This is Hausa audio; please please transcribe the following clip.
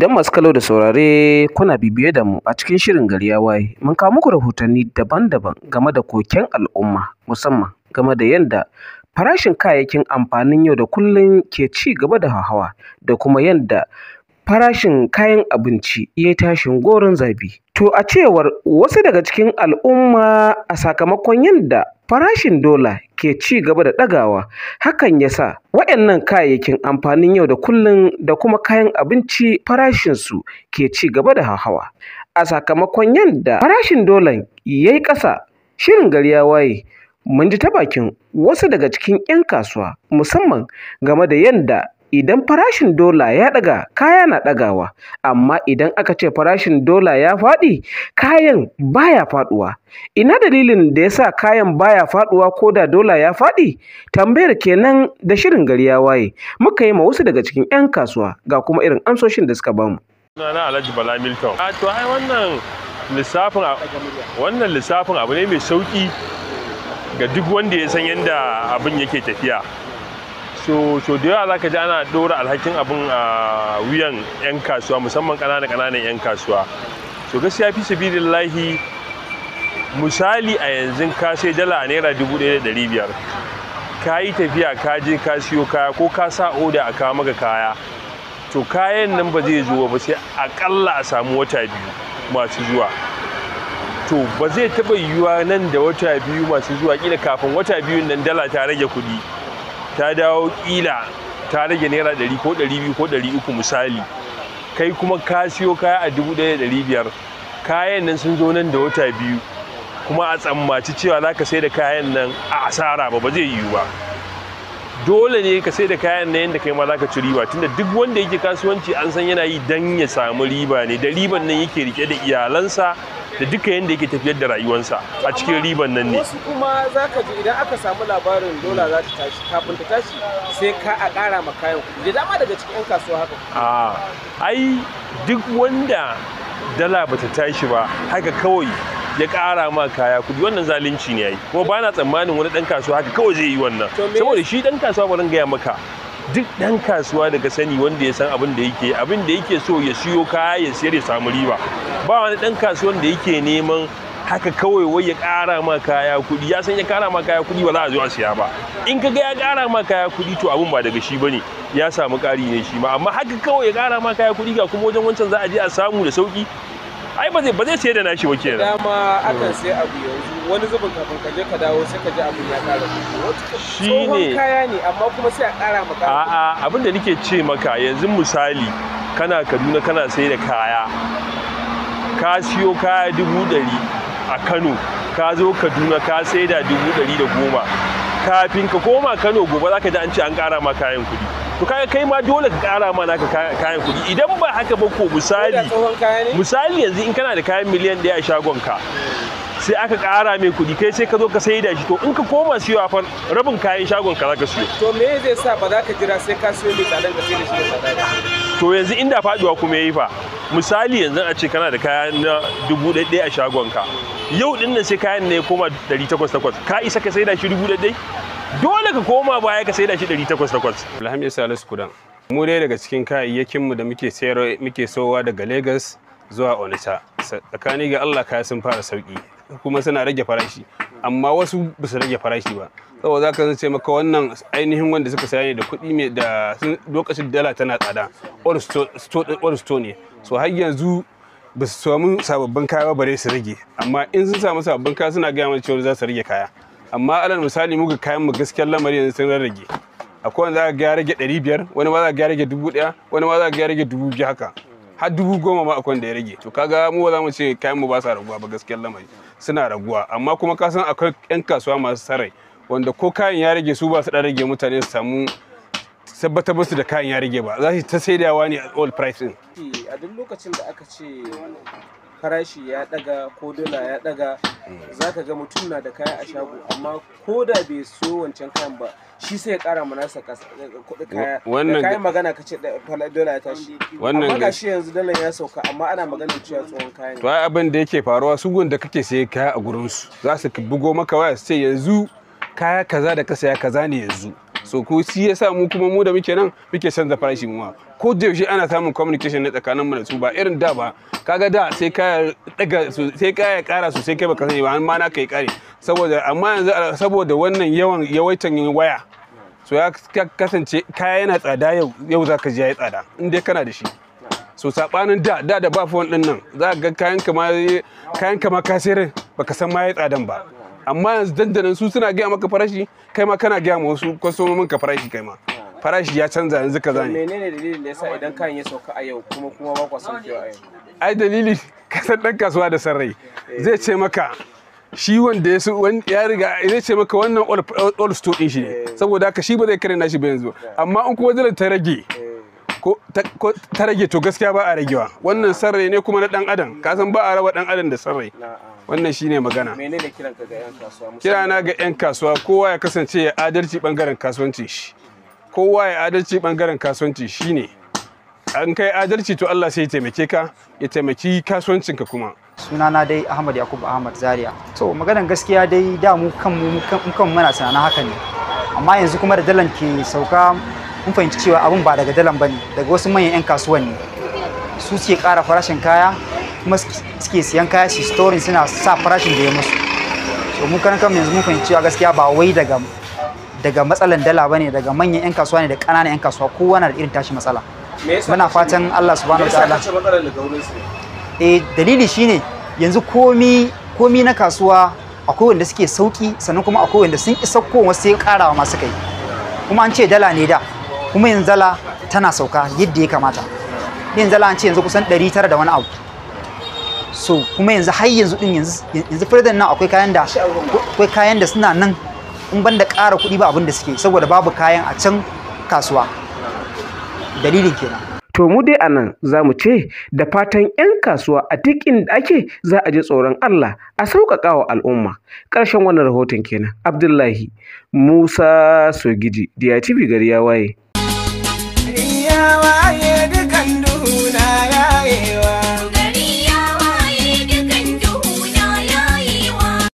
Idan masu kallo da saurare kuna bibiye da mu a cikin shirin gari ya waye, mun kawo muku rahotanni daban-daban game da koken al'umma musamman game da yadda farashin kayayyakin amfanin yau da kullum ke ci gaba da hauhawa da kuma yadda farashin kayan abinci ya tashin goron zabi. To a cewar wasu daga cikin al'umma a sakamakon yadda farashin dola ke ci gaba da ɗagawa hakan ya sa waɗannan kayayyakin amfanin yau da kullum da kuma kayan abinci farashinsu ke ci gaba da hauhawa a sakamakon yadda farashin dolan ya yi ƙasa shirin gari ya waye mun ji ta bakin wasu daga cikin 'yan kasuwa musamman game da yadda idan farashin dola ya ɗaga kaya na ɗagawa amma idan aka ce farashin dola ya faɗi kayan baya faɗuwa ina dalilin da ya sa kayan baya faɗuwa ko da dola ya faɗi tambayar kenan da shirin gari ya waye muka yi ma wasu daga cikin 'yan kasuwa ga kuma irin amsoshin da suka bamu na Alhaji Bala Milton a to ai wannan lissafin wannan lissafin abu ne mai sauki ga duk wanda ya san yadda abin yake tafiya so so da yawa zaka ji ana ɗora alhakin abin a wuyan 'yan kasuwa musamman ƙananan ƙananan 'yan kasuwa so gaskiya fi sabilillahi misali a yanzu ka sai dala a naira dubu ɗaya da ɗari biyar ka yi tafiya ka je ka siyo kaya ko ka sa oda a kawo maka kaya to kayan nan ba zai zo ba sai akalla a samu wata biyu masu zuwa to ba zai taɓa yiwuwa nan da wata biyu masu zuwa kila kafin wata biyun nan dala ta rage kuɗi ta dawo kila ta rage naira ɗari ko ɗari ko ɗari uku misali kai kuma ka siyo kaya a dubu ɗaya ɗari biyar kayan nan sun zo nan da wata biyu kuma a tsammaci cewa za ka sai da kayan nan a asara ba ba zai yiwu ba dole ne ka sai da kayan nan yadda kai ma za ka ci riba tunda duk wanda yake kasuwanci an san yana yi dan ya samu riba ne da riban nan yake rike da iyalansa da duka yadda yake tafiyar da rayuwarsa a cikin riban nan ne wasu kuma za ka ji idan aka samu labarin dola za ta tashi kafin ta tashi sai ka a ƙara ma kayan kuɗi da dama daga cikin kasuwa haka a ai duk wanda dala bata tashi ba haka kawai ya ƙara ma kaya kuɗi wannan zalunci ne yayi kuma ba na tsammanin wani ɗan kasuwa haka kawai zai yi wannan saboda shi ɗan kasuwa ba zan gaya maka duk ɗan kasuwa da ka sani wanda ya san abin da yake abin da yake so ya siyo kaya ya siyar ya samu riba ba wani ɗan kasuwan da yake neman haka kawai wai ya ƙara ma kaya kuɗi ya san ya ƙara ma kaya kuɗi ba za a zo a siya ba in ka ga ya ƙara ma kaya kuɗi to abin ba daga shi bane ya samu ƙari ne shi ma amma haka kawai ya ƙara ma kaya kuɗi ga kuma wajen wancan za a je a samu da sauki ai ba zai ba zai sayar da nashi ba kenan dama akan sai abu yanzu wani zubin kafin ka je ka dawo sai ka ji abin ya ƙara shi ne kaya ne amma kuma sai a ƙara maka a'a abin da nake ce maka yanzu misali kana Kaduna kana sai da kaya ka siyo kaya dubu ɗari a Kano ka zo Kaduna ka sai da dubu ɗari da goma kafin ka koma Kano gobe za ka ji an ce an ƙara ma kayan kuɗi to kaga kai ma dole ka kara mana ka kayan kuɗi idan ba haka ba ko misali misali yanzu in kana da kayan miliyan ɗaya a shagon ka sai aka kara mai kuɗi kai sai ka zo ka sai da shi to in ka koma siyo a fan rabin kayan shagon ka zaka siyo to me zai sa ba za ka jira sai ka siyo mai tsadan ka sai da shi da tsada to yanzu inda faduwa kuma yayi fa misali yanzu a ce kana da kaya na dubu ɗaya a shagon ka yau dinnan nan sai kayan ne ya koma ɗari takwas takwas ka isa ka sai da shi dubu ɗaya dole ka koma baya ka saida shi 800 Alhamdu Salisu Kudan mu dai daga cikin kayayyakin mu da muke sayarwa muke sowa daga Lagos zuwa Onitsha tsakani ga Allah kaya sun fara sauki kuma suna rage farashi amma wasu ba su rage farashi ba saboda zaka zance maka wannan ainihin wanda suka saya ne da kuɗi mai da lokacin dala tana tsada or store ne so har yanzu ba su samu sababbin kaya ba bare su rage amma in sun samu sababbin kaya suna gaya mana cewa za su rage kaya amma alal misali muka kayan mu gaskiyar lamari yanzu sun rarrage akwai wanda za ga ya rage 500 wani ma za ga ya rage 1000 wani ma za ga ya rage 2000 haka har dubu goma ma akwai da ya rage to kaga mu za mu ce kayan mu ba sa raguwa ba gaskiyar lamari suna raguwa amma kuma ka san akwai yan kasuwa masu sarai wanda ko kayan ya rage su ba su dan rage mutane su samu tabbatar musu da kayan ya rage ba za su ta saidawa ne a all price din eh, a duk lokacin da aka ce farashi ya daga ko dola ya daga hmm. za ka ga mutum na da kaya a shago amma ko da bai so wancan kayan ba shi sai ya kara mana sa eh, eh, kuɗi kaya da kayan magana ka ce dola ya tashi amma ga shi yanzu dala ya sauka amma ana magana cewa tsohon kayan. ne abin da yake faruwa su gunda kake sai kaya a gurin su za su bugo maka waya sai yanzu kaya kaza da ka saya kaza ne yanzu so ko shi yasa mu kuma mu da muke nan muke canza farashi mu ko da yaushe ana samun communication na tsakanin mu da su ba irin da ba kaga da sai ka daga sai ka ya kara su sai kai baka sani ba amma ma na kai kare saboda amma yanzu saboda wannan yawan yawaitan waya so ya kasance kaya yana tsada yau yau zaka ji yayi tsada in dai kana da shi so sabanin da da da ba fon din nan za ka ga kayan kayan ka kasirin baka san ma yayi tsadan ba amma yanzu dandanan su suna gaya maka farashi kai ma kana gaya ma wasu kwastomomin ka farashi kai ma farashi ya canza yanzu ka ne menene dalilin da yasa idan kayan ya sauka a yau kuma kuma ba kwa saukewa yau ai dalili kasan dan kasuwa da san rai zai ce maka shi wanda ya riga zai ce maka wannan all store din shi ne eh. saboda haka shi ba zai kare nashi ba yanzu eh. amma in kuma zai ta rage eh. ta rage to gaskiya ba a ragewa wannan sarrai ne kuma na dan adam ka san ba a raba dan adam da sarrai wannan shine magana menene kiran ga yan kasuwa kirana ga yan kasuwa kowa ya kasance ya adalci bangaren kasuwancin shi kowa ya adalci bangaren kasuwanci shine an kai adalci to Allah sai ya taimake ka ya taimaki kasuwancinka kuma sunana dai Ahmad Yakubu Ahmad Zaria to maganan gaskiya dai da mu kanmu mu kan muna sanana haka ne amma yanzu kuma da dalan ke sauka mun fahimci cewa abin ba daga dalan bane daga wasu manyan 'yan kasuwan ne su suke ƙara farashin kaya kuma suke siyan kaya su storin suna sa farashin da ya musu so mun kan kan yanzu mun fahimci cewa gaskiya ba wai daga daga matsalan dala bane daga manyan 'yan kasuwa ne da ƙananan 'yan kasuwa kowa na da irin tashi matsala muna fatan Allah subhanahu wataala eh dalili shine yanzu komi komi na kasuwa akwai wanda suke sauki sannan kuma akwai wanda sun isa kowa sai karawa masu kai kuma an ce dala ne da kuma yanzala tana sauka yadda ya kamata yanzala an ce yanzu kusan 900 da wani abu so kuma yanzu har yanzu din yanzu yanzu firdan nan akwai kayan da akwai kayan da suna nan in ban da ƙara kuɗi ba abin da suke saboda babu kayan a can kasuwa dalilin kenan to mu dai anan za mu ce da fatan 'yan kasuwa a duk inda ake za a ji tsoron Allah a sauƙaƙa wa al'umma ƙarshen wannan rahoton kenan abdullahi musa sogiji diya tv gari ya waye